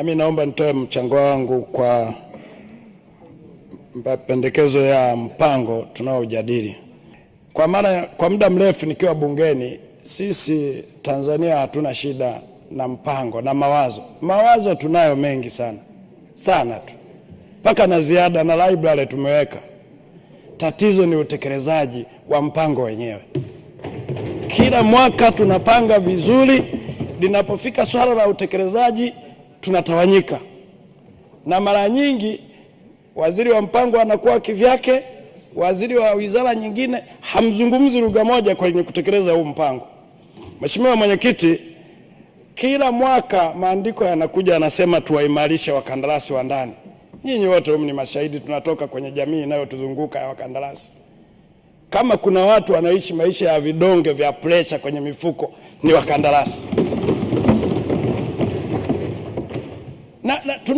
Mimi naomba nitoe mchango wangu kwa mapendekezo ya mpango tunaojadili. Kwa maana kwa muda mrefu nikiwa bungeni, sisi Tanzania hatuna shida na mpango na mawazo. Mawazo tunayo mengi sana sana tu, mpaka na ziada na library tumeweka. Tatizo ni utekelezaji wa mpango wenyewe. Kila mwaka tunapanga vizuri, linapofika swala la utekelezaji tunatawanyika, na mara nyingi waziri wa mpango anakuwa kivyake, waziri wa wizara nyingine, hamzungumzi lugha moja kwenye kutekeleza huu mpango. Mheshimiwa Mwenyekiti, kila mwaka maandiko yanakuja, anasema tuwaimarishe wakandarasi wa ndani. Nyinyi wote humu ni mashahidi, tunatoka kwenye jamii inayotuzunguka ya wakandarasi. Kama kuna watu wanaishi maisha ya vidonge vya presha kwenye mifuko, ni wakandarasi.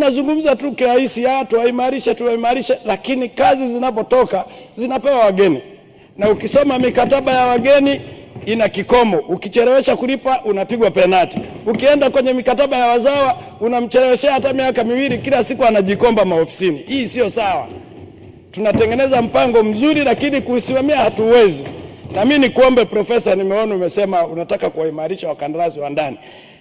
tunazungumza tu kirahisi, ah, tuwaimarishe tuwaimarishe, lakini kazi zinapotoka zinapewa wageni, na ukisoma mikataba ya wageni ina kikomo. Ukichelewesha kulipa unapigwa penati. Ukienda kwenye mikataba ya wazawa unamcheleweshea hata miaka miwili, kila siku anajikomba maofisini. Hii sio sawa. Tunatengeneza mpango mzuri, lakini kuusimamia hatuwezi. Na mimi nikuombe Profesa, nimeona umesema unataka kuwaimarisha wakandarasi wa ndani.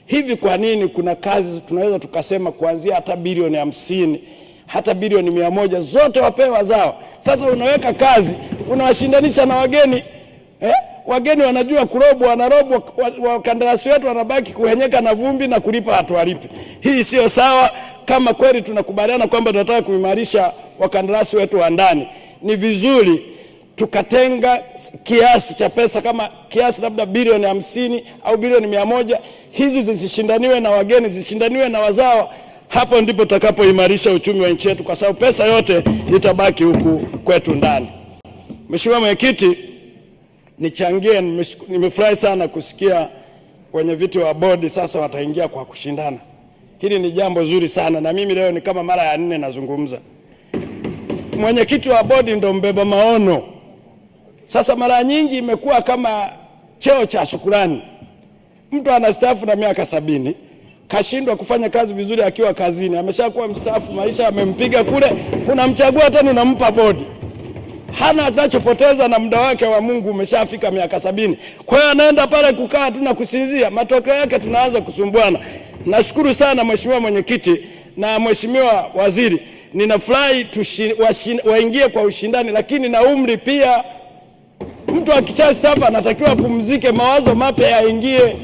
Hivi kwa nini kuna kazi tunaweza tukasema kuanzia hata bilioni hamsini hata bilioni mia moja zote wapewa zao? Sasa unaweka kazi unawashindanisha na wageni eh? Wageni wanajua kurobo, wanarobo, wakandarasi wetu wanabaki kuhenyeka na vumbi na kulipa hatuwalipi. Hii siyo sawa. Kama kweli tunakubaliana kwamba tunataka kuimarisha wakandarasi wetu wa ndani, ni vizuri tukatenga kiasi cha pesa kama kiasi labda bilioni hamsini au bilioni mia moja hizi zisishindaniwe na wageni, zishindaniwe na wazawa. Hapo ndipo tutakapoimarisha uchumi wa nchi yetu, kwa sababu pesa yote itabaki huku kwetu ndani. Mheshimiwa Mwenyekiti, nichangie, nimefurahi sana kusikia wenye viti wa bodi sasa wataingia kwa kushindana. Hili ni jambo zuri sana, na mimi leo ni kama mara ya nne nazungumza. Mwenyekiti wa bodi ndo mbeba maono sasa mara nyingi imekuwa kama cheo cha shukurani. Mtu anastaafu na miaka sabini, kashindwa kufanya kazi vizuri akiwa kazini, ameshakuwa mstaafu, maisha amempiga kule, unamchagua tena unampa bodi, hana atachopoteza na muda wake wa Mungu umeshafika miaka sabini. Kwa hiyo anaenda pale kukaa tu na kusinzia, matokeo yake tunaanza kusumbuana. Nashukuru sana Mheshimiwa Mwenyekiti na Mheshimiwa Waziri, ninafurahi waingie kwa ushindani, lakini na umri pia Mtu akishastaafu anatakiwa apumzike, mawazo mapya yaingie.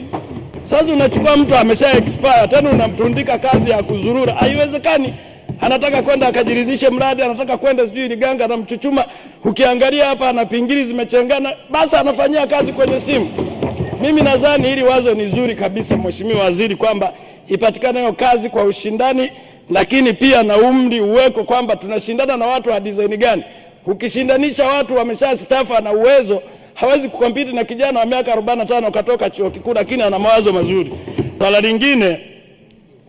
Sasa unachukua mtu amesha expire, tena unamtundika kazi ya kuzurura, haiwezekani. Anataka kwenda akajirizishe mradi, anataka kwenda sijui Liganga, Mchuchuma, Ukiangalia hapa ana pingili zimechengana, basi anafanyia kazi kwenye simu. Mimi nadhani hili wazo ni zuri kabisa, Mheshimiwa Waziri, kwamba ipatikane hiyo kazi kwa ushindani, lakini pia na umri uweko, kwamba tunashindana na watu wa design gani. Ukishindanisha watu wameshastafa na uwezo, hawezi kukompiti na kijana wa miaka 45 katoka chuo kikuu, lakini ana mawazo mazuri. Swala lingine,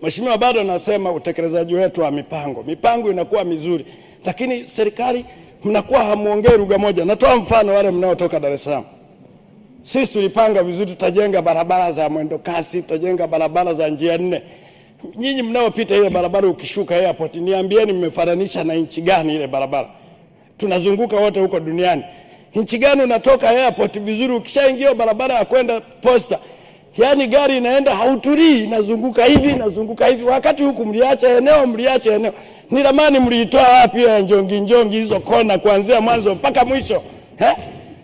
mheshimiwa, bado nasema utekelezaji wetu wa mipango, mipango inakuwa mizuri, lakini serikali mnakuwa hamuongei lugha moja. Natoa mfano wale mnaotoka Dar es Salaam. Sisi tulipanga vizuri, tutajenga barabara za mwendo kasi, tutajenga barabara za njia nne. Nyinyi mnaopita ile barabara ukishuka airport, niambieni mmefananisha na nchi gani ile barabara? tunazunguka wote huko duniani. Nchi gani unatoka airport vizuri, ukishaingia barabara ya kwenda posta, yani gari inaenda hautulii, inazunguka hivi inazunguka hivi, wakati huku mliacha eneo mliacha eneo. Ni ramani mliitoa wapi ya njongi njongi hizo kona, kuanzia mwanzo mpaka mwisho He?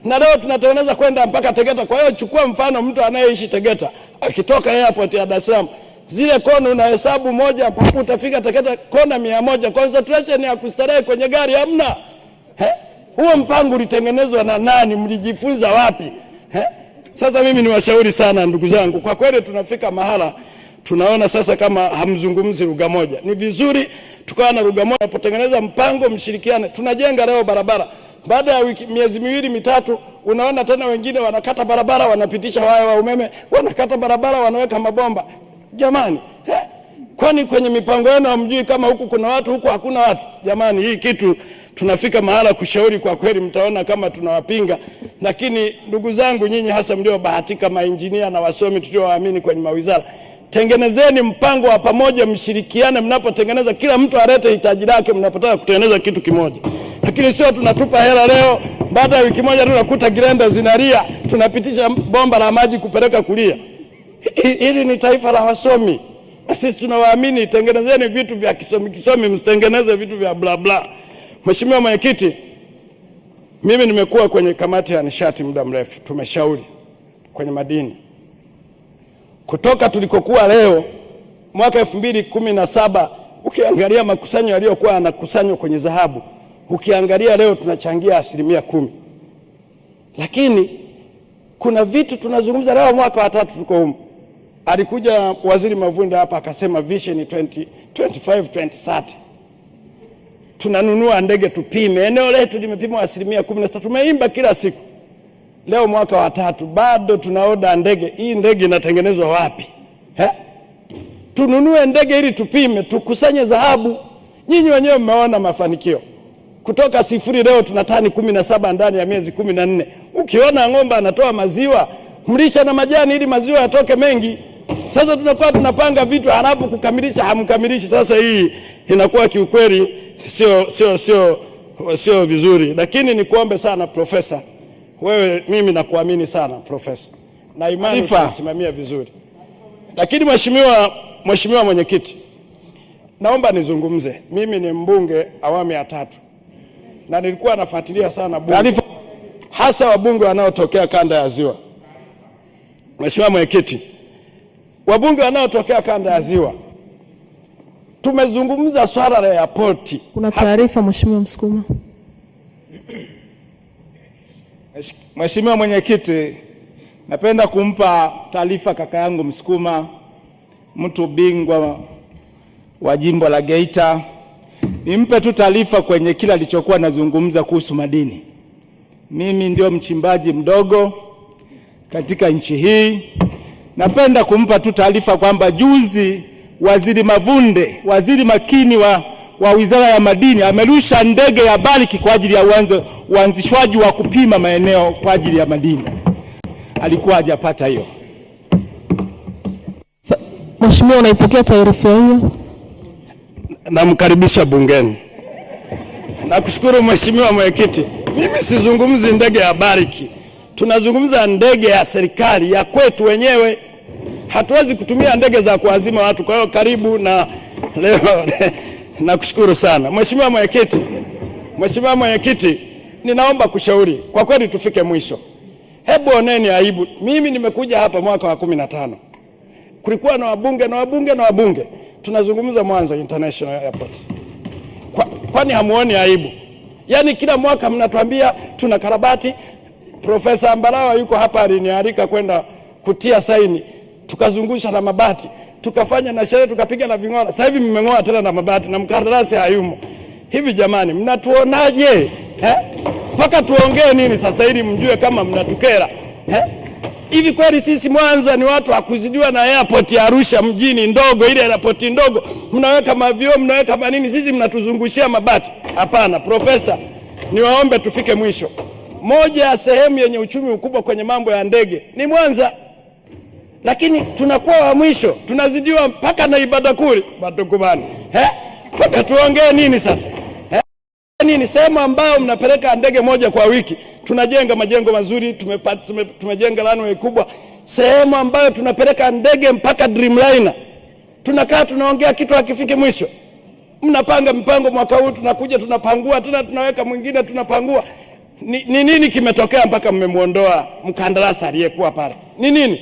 na leo tunatengeneza kwenda mpaka Tegeta. Kwa hiyo chukua mfano mtu anayeishi Tegeta akitoka airport ya Dar es Salaam zile kona unahesabu moja mpaka utafika Tegeta, kona mia moja. Concentration ya kustarehe kwenye gari hamna. He? Huo mpango ulitengenezwa na nani? Mlijifunza wapi? He? Sasa mimi niwashauri sana ndugu zangu, kwa kweli tunafika mahala tunaona sasa kama hamzungumzi lugha moja. Ni vizuri tukawa na lugha moja, tunapotengeneza mpango mshirikiane. Tunajenga leo barabara, baada ya wiki, miezi miwili mitatu, unaona tena wengine wanakata barabara, wanapitisha waya wa umeme, wanakata barabara, wanaweka mabomba. Jamani he? kwani kwenye mipango yenu hamjui kama huku kuna watu, huku hakuna watu? Jamani, hii kitu tunafika mahala kushauri, kwa kweli mtaona kama tunawapinga. Lakini ndugu zangu, nyinyi hasa mliobahatika, mainjinia na wasomi tuliowaamini kwenye mawizara, tengenezeni mpango wa pamoja, mshirikiane mnapotengeneza, kila mtu alete hitaji lake mnapotaka kutengeneza kitu kimoja, lakini sio tunatupa hela leo, baada ya wiki moja tunakuta girenda zinalia, tunapitisha bomba la maji kupeleka kulia. Hili ni taifa la wasomi, na sisi tunawaamini. Tengenezeni vitu vya kisomi kisomi, msitengeneze vitu vya blabla bla. Mheshimiwa Mwenyekiti, mimi nimekuwa kwenye kamati ya nishati muda mrefu, tumeshauri kwenye madini kutoka tulikokuwa leo mwaka elfu mbili kumi na saba ukiangalia makusanyo yaliyokuwa yanakusanywa kwenye dhahabu, ukiangalia leo tunachangia asilimia kumi, lakini kuna vitu tunazungumza leo. Mwaka wa tatu tuko humu, alikuja waziri Mavunda hapa akasema vision 20, 25, 30 tunanunua ndege tupime. Eneo letu limepimwa asilimia kumi na sita. Tumeimba kila siku, leo mwaka wa tatu bado tunaoda ndege. Hii ndege inatengenezwa wapi He? Tununue ndege ili tupime, tukusanye dhahabu. Nyinyi wenyewe mmeona mafanikio kutoka sifuri, leo tuna tani kumi na saba ndani ya miezi kumi na nne. Ukiona ng'ombe anatoa maziwa, mlisha na majani ili maziwa yatoke mengi. Sasa tunakuwa tunapanga vitu halafu kukamilisha hamkamilishi. Sasa hii inakuwa kiukweli sio sio sio sio vizuri, lakini nikuombe sana profesa, wewe mimi nakuamini sana profesa, na imani utasimamia vizuri. Lakini mheshimiwa mheshimiwa mwenyekiti, naomba nizungumze. Mimi ni mbunge awamu ya tatu na nilikuwa nafuatilia sana bunge, hasa wabunge wanaotokea kanda ya Ziwa. Mheshimiwa mwenyekiti, wabunge wanaotokea kanda ya Ziwa Tumezungumza swala la airport. Kuna taarifa Mheshimiwa Msukuma. Mheshimiwa Mwenyekiti, napenda kumpa taarifa kaka yangu Msukuma, mtu bingwa wa jimbo la Geita. Nimpe tu taarifa kwenye kila alichokuwa nazungumza kuhusu madini. Mimi ndio mchimbaji mdogo katika nchi hii. Napenda kumpa tu taarifa kwamba juzi Waziri Mavunde, waziri makini wa, wa wizara ya madini amerusha ndege ya Bariki kwa ajili ya uanzishwaji wa kupima maeneo kwa ajili ya madini. Alikuwa hajapata hiyo. Mheshimiwa, unaipokea taarifa hiyo? Namkaribisha bungeni. Nakushukuru Mheshimiwa Mwenyekiti. Mimi sizungumzi ndege ya Bariki, tunazungumza ndege ya serikali ya kwetu wenyewe hatuwezi kutumia ndege za kuwazima watu. Kwa hiyo karibu na leo nakushukuru sana Mheshimiwa Mwenyekiti. Mheshimiwa Mwenyekiti, ninaomba kushauri kwa kweli, tufike mwisho. Hebu oneni aibu. Mimi nimekuja hapa mwaka wa kumi na tano, kulikuwa na wabunge na wabunge na wabunge, tunazungumza Mwanza International Airport. Kwani hamuoni aibu? Yaani kila mwaka mnatuambia tuna karabati. Profesa Mbarawa yuko hapa, aliniarika kwenda kutia saini tukazungusha na mabati, tukafanya na sherehe, tukapiga na ving'ora. Sasa hivi mmeng'oa tena na mabati na mkandarasi hayumo. Hivi jamani, mnatuonaje mpaka Tuongee nini sasa ili mjue kama mnatukera eh? Hivi kweli sisi Mwanza ni watu wakuzidiwa na airport ya Arusha mjini ndogo, ile airport ndogo, mnaweka mavio mnaweka manini, sisi mnatuzungushia mabati? Hapana profesa, niwaombe tufike mwisho. Moja ya sehemu yenye uchumi mkubwa kwenye mambo ya ndege ni Mwanza lakini tunakuwa wa mwisho, tunazidiwa mpaka na ibada kuli batukubana mpaka tuongee nini sasa nini sehemu ambayo mnapeleka ndege moja kwa wiki, tunajenga majengo mazuri, tumejenga runway kubwa, sehemu ambayo tunapeleka ndege mpaka Dreamliner. Tunakaa tunaongea kitu hakifiki mwisho. Mnapanga mpango mwaka huu, tunakuja tunapangua tena, tunaweka mwingine, tunapangua ni nini kimetokea mpaka mmemwondoa mkandarasi aliyekuwa pale? Ni nini?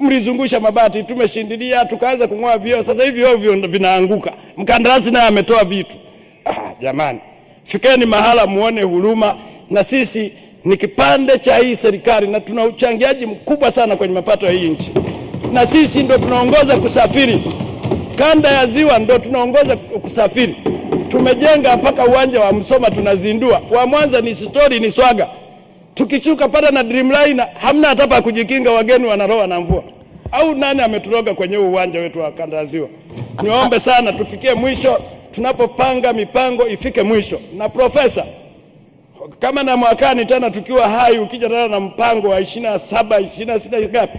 mlizungusha mabati, tumeshindilia, tukaanza kung'oa vioo, sasa hivi vioo vinaanguka, mkandarasi naye ametoa vitu. Ah, jamani, fikeni mahala muone huruma, na sisi ni kipande cha hii serikali na tuna uchangiaji mkubwa sana kwenye mapato ya hii nchi, na sisi ndo tunaongoza kusafiri kanda ya ziwa, ndo tunaongoza kusafiri. Tumejenga mpaka uwanja wa Msoma tunazindua, wa Mwanza ni stori, ni swaga. Tukishuka pale na Dreamliner hamna hata pa kujikinga, wageni wanaroa na mvua. Au nani ametoroga kwenye uwanja wetu wa kandaziwa Niombe sana tufikie mwisho, tunapopanga mipango ifike mwisho. Na profesa kama na mwakani tena tukiwa hai, ukija tena na mpango wa ishirini na saba ishirini na sita ngapi,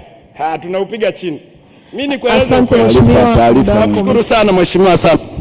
tunaupiga chini. Mimi ni sana mheshimiwa sana.